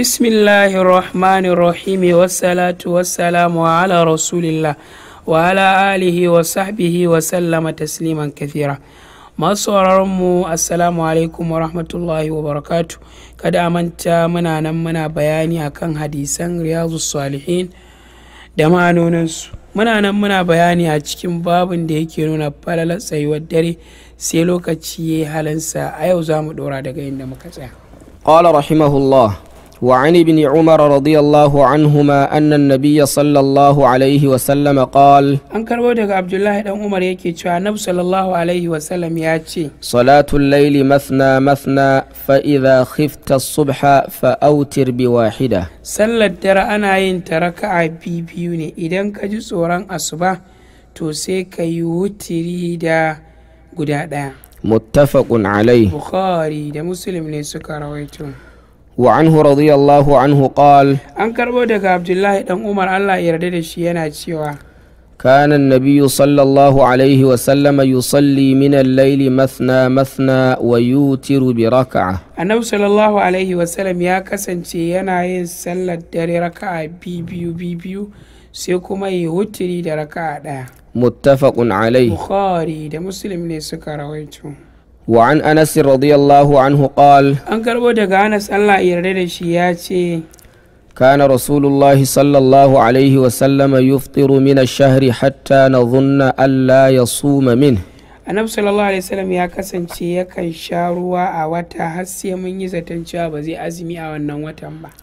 bismillahi rahmani rahimi wassalatu wassalamu ala rasulillah wa ala alihi wa sahbihi wa sallama tasliman kathira masu mu assalamu alaikum wa rahmatullahi wa barakatu kada a manta muna nan muna bayani akan hadisan riyazu salihin da ma'anoninsu muna nan muna bayani a cikin babin da yake nuna falalar tsayuwar dare sai lokaci ya halinsa a yau za mu ɗora daga inda muka tsaya قال rahimahullah وعن ابن عمر رضي الله عنهما أن النبي صلى الله عليه وسلم قال أن كربو دغ yake cewa Nabi sallallahu alaihi wasallam ya ce Salatul layli masna masna, fa idha khifta as-subha fa awtir bi wahida Sallar dare ana yin ta raka'a biyu ne idan ka ji tsoron asuba to sai ka yi wutiri da guda ɗaya muttafaqun alaihi Bukhari da Muslim ne suka rawaito وعنه رضي الله عنه قال أن كربو دك عبد الله بن عمر الله يرضى شي yana cewa كان النبي صلى الله عليه وسلم يصلي من الليل مثنى مثنى ويوتر بركعة النبي صلى الله عليه وسلم يا كسنتي yana yin sallar dare raka'a biyu biyu sai kuma yi wutiri da raka'a daya muttafaqun alaihi bukhari da وعن An رضي الله عنه قال أن كربو da أنس الله يرددش ياتي كان رسول الله صلى الله عليه وسلم يفطر من الشهر حتى نظن ألا يصوم منه annabi sallallahu alaihi wasallam ya kasance yakan sha ruwa a wata har sai mun yi zaton cewa ba zai azumi a wannan watan ba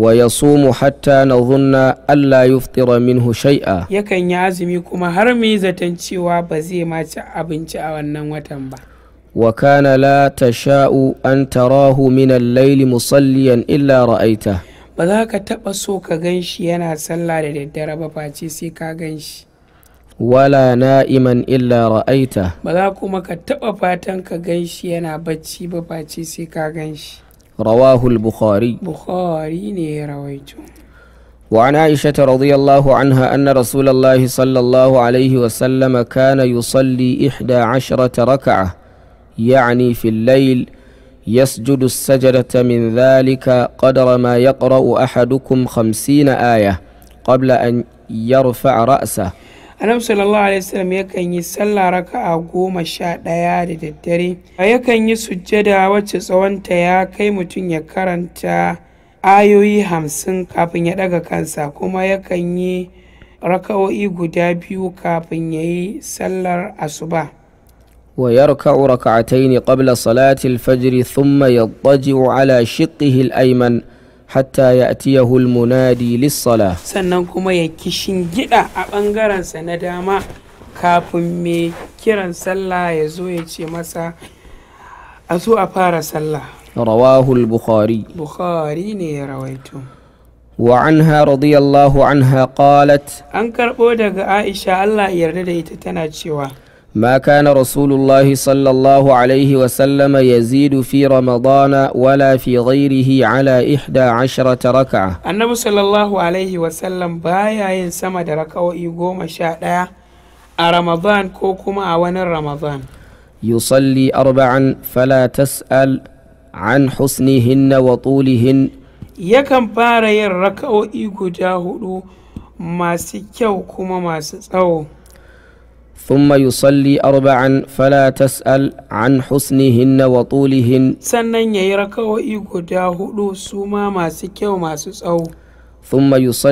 wa sumu hatta nadhunna alla yuftira minhu shai'a. yakan yi azumi kuma har mun yi zaton cewa ba zai mace abinci a wannan watan ba وكان لا تشاء أن تراه من الليل مصليا إلا رأيته Baza ka taɓa so ka ganshi yana sallah da daddare ba face sai ka gan shi wala na'iman illa ra'aita ba kuma ka taɓa fatan ka ganshi yana bacci ba face sai ka gan shi bukhari bukhari ne ya rawaito وعن عائشة رضي الله عنها أن رسول الله صلى الله عليه وسلم كان يصلي إحدى عشرة ركعة يعني في الليل يسجد السجدة من ذلك قدر ما يقرأ أحدكم خمسين آية قبل أن يرفع رأسه annabi sallallahu alaihi wasallam yakan yi sallah raka'a goma sha ɗaya da daddare a yakan yi sujjada wacce tsawonta ya kai mutum ya karanta ayoyi hamsin kafin ya ɗaga kansa kuma yakan yi raka'o'i guda biyu kafin ya yi sallar asuba ويركع ركعتين قبل صلاة الفجر ثم يضطجع على شقه الأيمن hatta ya atiyahu hulmunadi lissala sannan kuma ya kishin gida a ɓangarensa na dama kafin mai kiran sallah yazo zo ya ce masa a zo a fara sallah rawahu bukhari bukhari ne ya rawaito wa anha radiyallahu anha qalat an karɓo daga aisha Allah yarda da ita tana cewa ما كان رسول الله صلى الله عليه وسلم يزيد في رمضان ولا في غيره على إحدى عشرة ركعة النبي صلى الله عليه وسلم بايا ينسمى دركة ويقوم شاء رمضان كوكما أوان رمضان يصلي أربعا فلا تسأل عن حسنهن وطولهن يكن فارين ركو إيقو جاهدو ما سكيو كما ما سسأو ثم يصلي أربعا فلا تسأل عن حسنهن وطولهن sannan yayi yi rakawa'i guda huɗu suma masu kyau masu tsawo ثم يصلي